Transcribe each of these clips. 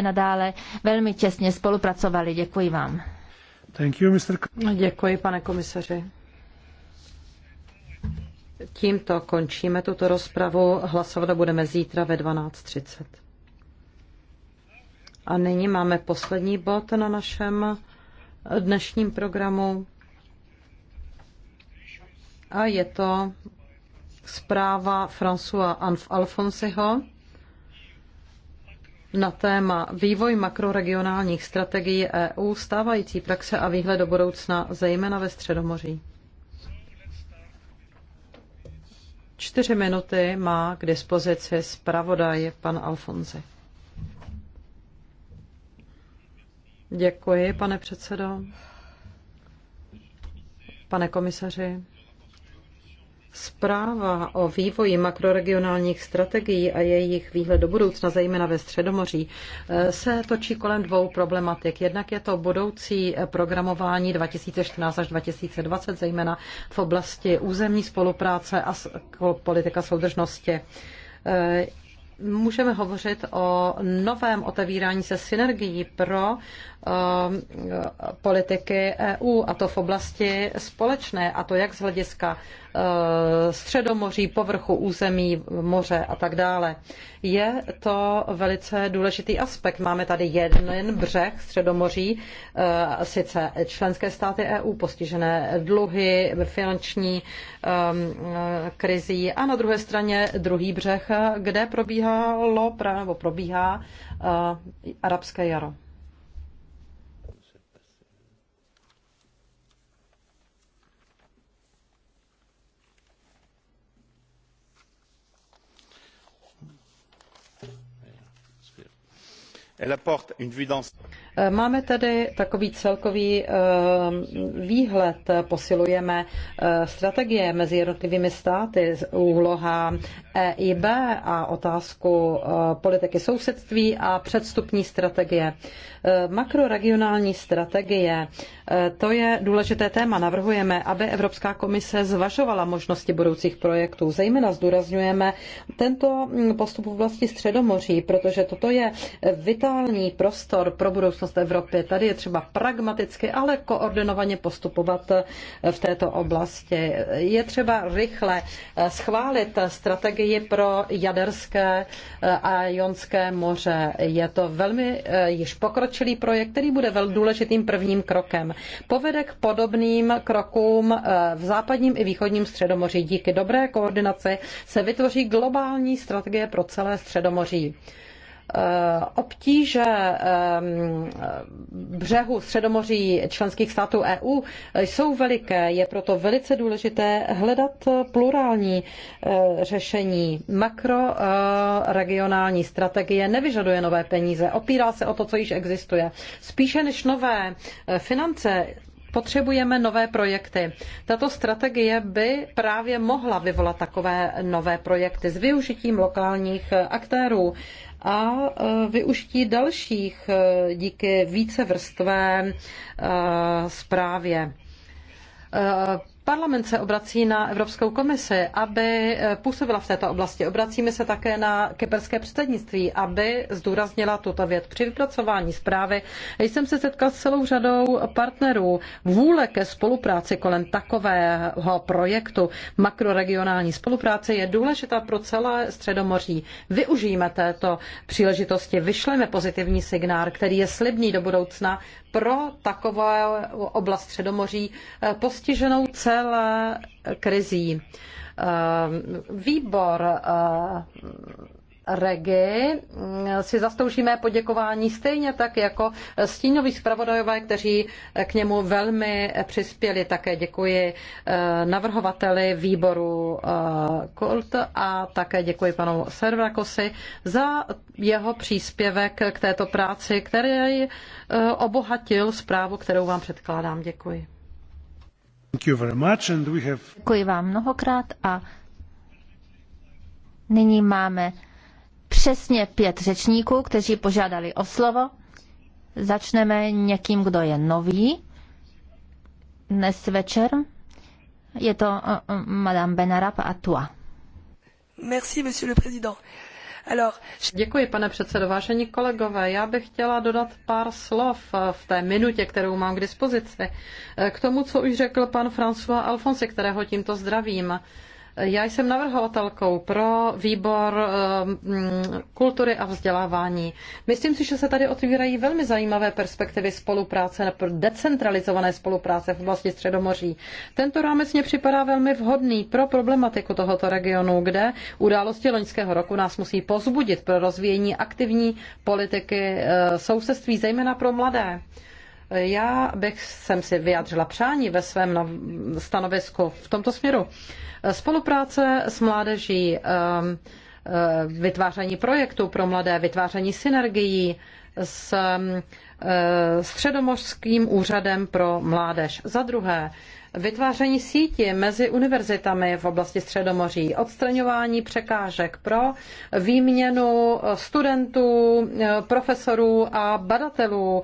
nadále velmi těsně spolupracovali. Děkuji vám. Thank you, Mr. Děkuji, pane komisaři. Tímto končíme tuto rozpravu. Hlasovat budeme zítra ve 12.30. A nyní máme poslední bod na našem dnešním programu. A je to zpráva François Alfonseho na téma vývoj makroregionálních strategií EU, stávající praxe a výhled do budoucna, zejména ve Středomoří. Čtyři minuty má k dispozici zpravodaj pan Alfonzi. Děkuji, pane předsedo. Pane komisaři. Zpráva o vývoji makroregionálních strategií a jejich výhled do budoucna, zejména ve Středomoří, eh, se točí kolem dvou problematik. Jednak je to budoucí programování 2014 až 2020, zejména v oblasti územní spolupráce a politika soudržnosti eh, můžeme hovořit o novém otevírání se synergií pro um, politiky EU, a to v oblasti společné, a to jak z hlediska uh, středomoří, povrchu území, moře a tak dále. Je to velice důležitý aspekt. Máme tady jeden břeh středomoří, uh, sice členské státy EU postižené dluhy, finanční um, krizí a na druhé straně druhý břeh, kde probíhá probíhalo, nebo probíhá uh, arabské jaro. Elle apporte une Eh, máme tedy takový celkový eh, výhled, posilujeme eh, strategie mezi jednotlivými státy, úloha EIB a otázku politiky sousedství a předstupní strategie. Makroregionální strategie, to je důležité téma. Navrhujeme, aby Evropská komise zvažovala možnosti budoucích projektů. Zejména zdůrazňujeme tento mm, postup v oblasti Středomoří, protože toto je vitální prostor pro budoucí budoucnost Evropy. Tady je třeba pragmaticky, ale koordinovaně postupovat v této oblasti. Je třeba rychle eh, schválit strategii pro jaderské eh, a jonské moře. Je to velmi eh, již pokročilý projekt, který bude velmi důležitým prvním krokem. Povede k podobným krokům v západním i východním středomoří. Díky dobré koordinaci se vytvoří globální strategie pro celé středomoří. Eh, obtíže eh, břehu Středomoří členských států EU jsou veliké. Je proto velice důležité hledat plurální eh, řešení. Makroregionální strategie nevyžaduje nové peníze, opírá se o to, co již existuje. Spíše než nové finance potřebujeme nové projekty. Tato strategie by právě mohla vyvolat takové nové projekty s využitím lokálních aktérů a e, využití dalších e, díky vícevrstvé zprávě e, Parlament se obrací na Evropskou komisi, aby eh, působila v této oblasti. Obracíme se také na kyperské předsednictví, aby zdůraznila tuto věc. Při vypracování zprávy jsem se setkal s celou řadou partnerů. Vůle ke spolupráci kolem takového projektu makroregionální spolupráce je důležitá pro celé Středomoří. Využijeme této příležitosti, vyšleme pozitivní signál, který je slibný do budoucna pro takovou oblast Středomoří eh, postiženou celé celé krizí. Eh, výbor eh, Regi mm, si zastoužíme poděkování stejně tak jako stínoví zpravodajové, kteří k němu velmi přispěli. Také děkuji eh, navrhovateli výboru Kult a také děkuji panu Servakosi za jeho příspěvek k této práci, který obohatil zprávu, kterou vám předkládám. Děkuji. Děkuji vám mnohokrát a nyní máme přesně pět řečníků, kteří požádali o slovo. Začneme někým, kdo je nový dnes večer. Je to uh, uh, Madame Benarab Atua. Merci, monsieur le président. Děkuji, pane předsedo. Vážení kolegové, já bych chtěla dodat pár slov eh, v té minutě, kterou mám k dispozici, eh, k tomu, co už řekl pan François Alfonsi, kterého tímto zdravím. Já jsem navrhovatelkou pro výbor eh, mm, kultury a vzdělávání. Myslím si, že se tady otvírají velmi zajímavé perspektivy spolupráce, decentralizované spolupráce v oblasti Středomoří. Tento rámec mě připadá velmi vhodný pro problematiku tohoto regionu, kde události loňského roku nás musí pozbudit pro rozvíjení aktivní politiky eh, sousedství, zejména pro mladé. Já bych jsem si vyjádřila přání ve svém stanovisku v tomto směru. Spolupráce s mládeží, um, uh, vytváření projektů pro mladé, vytváření synergií s um, uh, Středomořským úřadem pro mládež. Za druhé, vytváření sítí mezi univerzitami v oblasti Středomoří, odstraňování překážek pro výměnu studentů, profesorů a badatelů,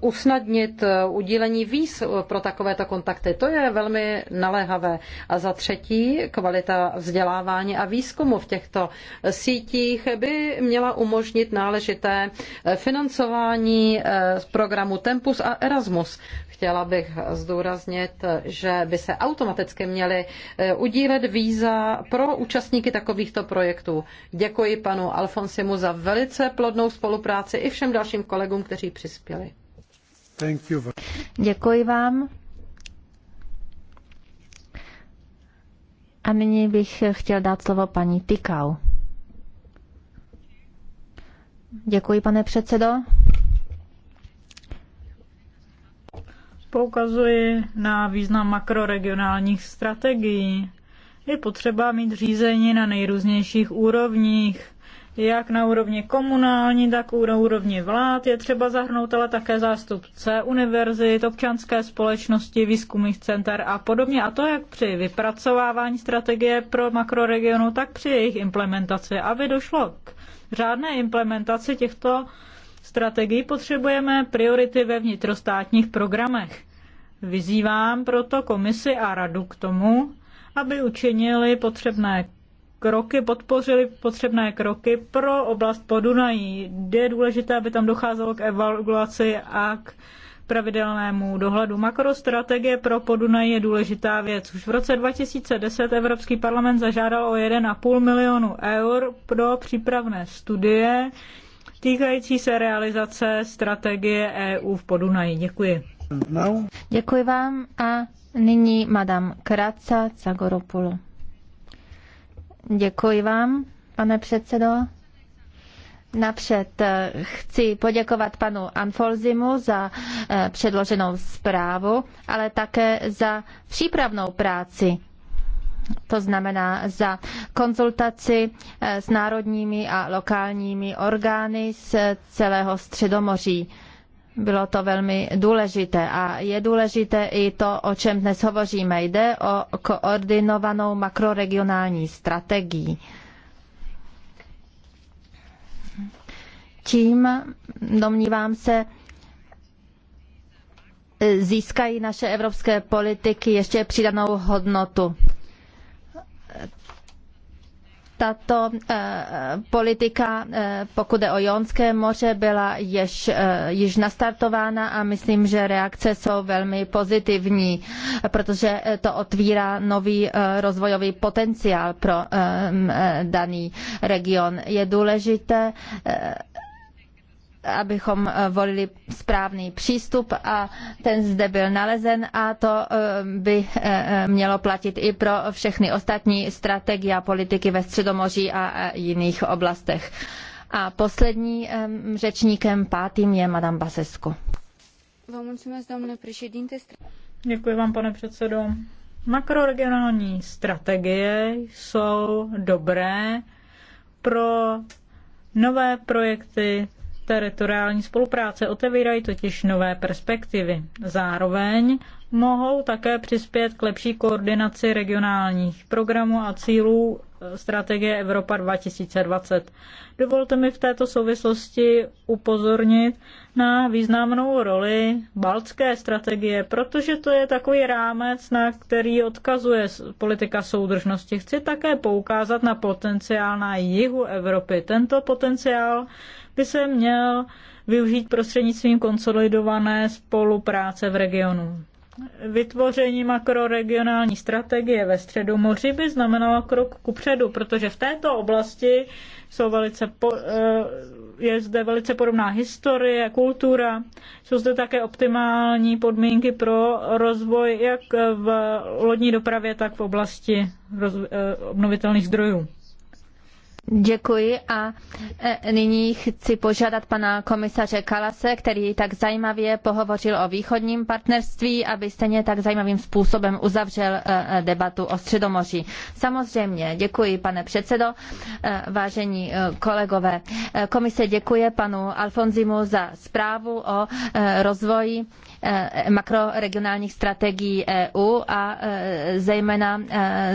usnadnit udílení víz pro takovéto kontakty. To je velmi naléhavé. A za třetí, kvalita vzdělávání a výzkumu v těchto sítích by měla umožnit náležité financování eh, z programu Tempus a Erasmus. Chtěla bych zdůraznit, že by se automaticky měly eh, udílet víza pro účastníky takovýchto projektů. Děkuji panu Alfonsimu za velice plodnou spolupráci i všem dalším kolegům, kteří přispěli. Děkuji vám. A nyní bych chtěl dát slovo paní Tikau. Děkuji, pane předsedo. Poukazuji na význam makroregionálních strategií. Je potřeba mít řízení na nejrůznějších úrovních, jak na úrovni komunální, tak na úrovni vlád. Je třeba zahrnout ale také zástupce univerzit, občanské společnosti, výzkumných center a podobně. A to jak při vypracovávání strategie pro makroregionu, tak při jejich implementaci, aby došlo k řádné implementaci těchto strategii potřebujeme priority ve vnitrostátních programech. Vyzývám proto komisi a radu k tomu, aby učinili potřebné kroky, podpořili potřebné kroky pro oblast Podunají. Je důležité, aby tam docházelo k evaluaci a k pravidelnému dohledu. Makrostrategie pro Podunaj je důležitá věc. Už v roce 2010 Evropský parlament zažádal o 1,5 milionu eur pro přípravné studie týkající se realizace strategie EU v Podunaji. Děkuji. No. Děkuji vám a nyní madam Kratsa Cagoropulu. Děkuji vám, pane předsedo. Napřed eh, chci poděkovat panu Anfolzimu za eh, předloženou zprávu, ale také za přípravnou práci to znamená za konzultaci eh, s národními a lokálními orgány z celého Středomoří. Bylo to velmi důležité a je důležité i to, o čem dnes hovoříme. Jde o koordinovanou makroregionální strategii. Tím, domnívám se, získají naše evropské politiky ještě přidanou hodnotu. Tato eh, politika, eh, pokud je o Jonské moře, byla jež, eh, již nastartována a myslím, že reakce jsou velmi pozitivní, protože to otvírá nový rozvojový potenciál pro daný region. Je důležité abychom eh, volili správný přístup a ten zde byl nalezen a to eh, by eh, mělo platit i pro všechny ostatní strategie a politiky ve Středomoří a jiných oblastech. A poslední řečníkem pátým je Madame Basescu. Děkuji vám, pane předsedo. Makroregionální strategie jsou dobré pro nové projekty teritoriální spolupráce otevírají totiž nové perspektivy. Zároveň mohou také přispět k lepší koordinaci regionálních programů a cílů eh, strategie Evropa 2020. Dovolte mi v této souvislosti upozornit na významnou roli baltské strategie, protože to je takový rámec, na který odkazuje politika soudržnosti. Chci také poukázat na potenciál na jihu Evropy. Tento potenciál by se měl využít prostřednictvím konsolidované spolupráce v regionu. Vytvoření makroregionální strategie ve středu moři by znamenalo krok ku předu, protože v této oblasti jsou velice po, eh, je zde velice podobná historie, kultura, jsou zde také optimální podmínky pro rozvoj jak v lodní dopravě, tak v oblasti eh, obnovitelných zdrojů. Děkuji a e, nyní chci požádat pana komisaře Kalase, který tak zajímavě pohovořil o východním partnerství, aby stejně tak zajímavým způsobem uzavřel e, e, debatu o Středomoří. Samozřejmě, děkuji pane předsedo, vážení kolegové. Komise děkuje panu Alfonzimu za zprávu o rozvoji makroregionálních strategií EU a zejména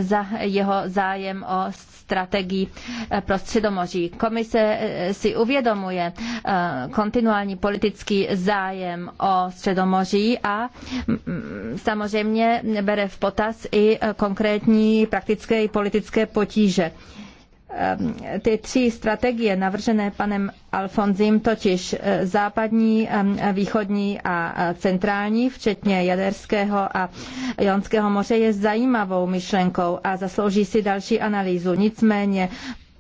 za jeho zájem o strategií eh, pro Středomoří. Komise eh, si uvědomuje eh, kontinuální politický zájem o Středomoří a mm, mm, samozřejmě bere v potaz i konkrétní praktické i politické potíže. Ehm, ty tři strategie navržené panem Alfonzím, totiž eh, západní, ehm, východní a eh, centrální, včetně Jaderského a Jonského moře, je zajímavou myšlenkou a zaslouží si další analýzu. Nicméně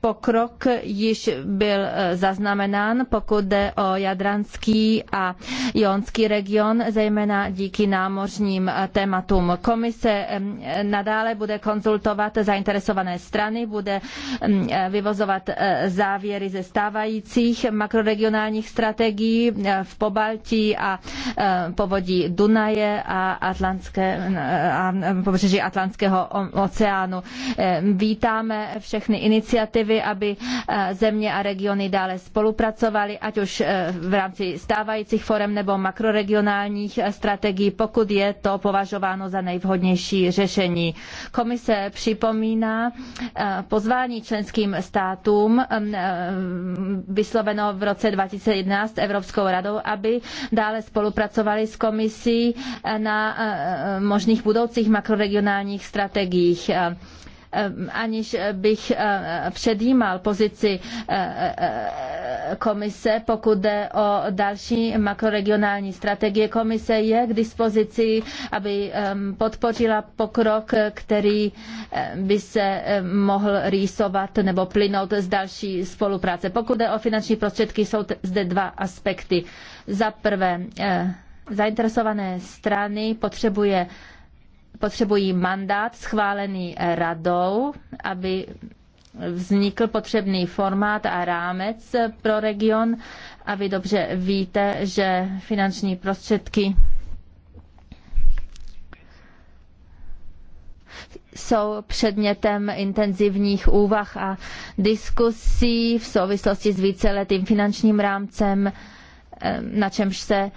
Pokrok již byl eh, zaznamenán, pokud jde o jadranský a jonský region, zejména díky námořním eh, tématům. Komise eh, nadále bude konzultovat zainteresované strany, bude mm, vyvozovat závěry ze stávajících makroregionálních strategií v Pobaltí a povodí Dunaje a, Atlantské, a pobřeží Atlantského oceánu. Vítáme všechny iniciativy, výzvy, aby eh, země a regiony dále spolupracovaly, ať už eh, v rámci stávajících forem nebo makroregionálních eh, strategií, pokud je to považováno za nejvhodnější řešení. Komise připomíná pozvání členským státům vysloveno v roce 2011 Evropskou radou, aby dále spolupracovali s komisí na možných budoucích makroregionálních strategiích. Eh, aniž bych eh, předjímal pozici eh, komise, pokud jde o další makroregionální strategie. Komise je k dispozici, aby podpořila pokrok, který by se mohl rýsovat nebo plynout z další spolupráce. Pokud jde o finanční prostředky, jsou zde dva aspekty. Za prvé, zainteresované strany potřebuje potřebují mandát schválený radou, aby vznikl potřebný formát a rámec pro region a vy dobře víte, že finanční prostředky jsou předmětem intenzivních úvah a diskusí v souvislosti s víceletým finančním rámcem, eh, na čemž se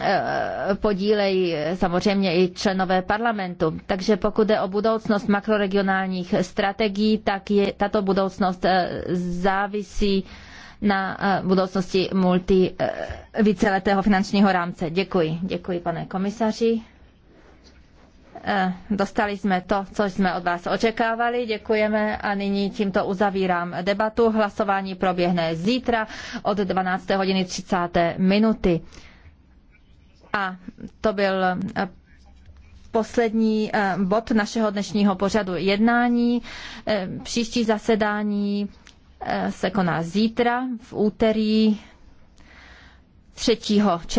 Eh, podílejí samozřejmě i členové parlamentu. Takže pokud jde o budoucnost makroregionálních strategií, tak je, tato budoucnost eh, závisí na eh, budoucnosti multi víceletého finančního rámce. Děkuji. Děkuji, pane komisaři. Dostali jsme to, co jsme od vás očekávali. Děkujeme a nyní tímto uzavírám debatu. Hlasování proběhne zítra od 12:30 hodiny minuty. A to byl eh, poslední eh, bod našeho dnešního pořadu jednání. Eh, příští zasedání se koná zítra v úterý 3. června.